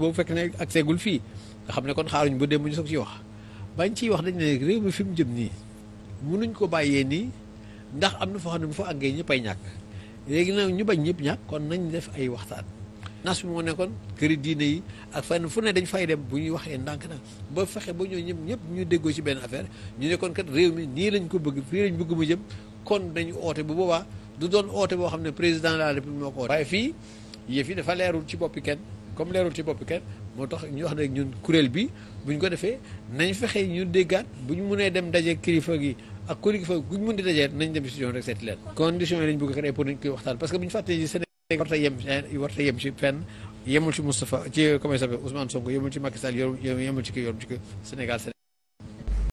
boobu fekk ne ak seegul fii nga xam ne kon xaaruñ bu dem bu ñu soog ci wax bañ ciy wax dañ ne réew mi fi mu jëm nii mënuñ ko bàyyee nii ndax am na foo xam ne bu fa àggee ñëpp ay ñàkk léegi nag ñu bañ ñëpp ñàkk kon nañ def ay waxtaan nas bi moo nekkoon këri diine yi ak fenn fu ne dañ fay dem bu ñuy waxee ndànk na ba fexe ba ñoo ñëpp ñëpp ñu déggoo ci benn affaire ñu ne kon réew mi nii lañ ko bëgg fii lañ bëgg mu jëm kon nañu oote bu boobaa du doon oote boo xam ne président de la république moo ko fii yëf yi dafa leerul ci boppi kenn comme leerul ci bopp kenn moo tax ñu wax nag ñun kuréel bi bu ñu ko defee nañ fexe ñu déggaat bu ñu mënee dem daje kilifa gi ak kilifa gi bu ñu mën di dajee nañ dem décision rek seeti condition yi lañ bëgg a créé pour nañ koy waxtaan parce que bu ñu fàttee Sénégal warta yem warta yem ci fenn yemul ci Moustapha ci comment il s'appelle Ousmane yemul ci Macky Sall yemul ci kii yemul ci Sénégal.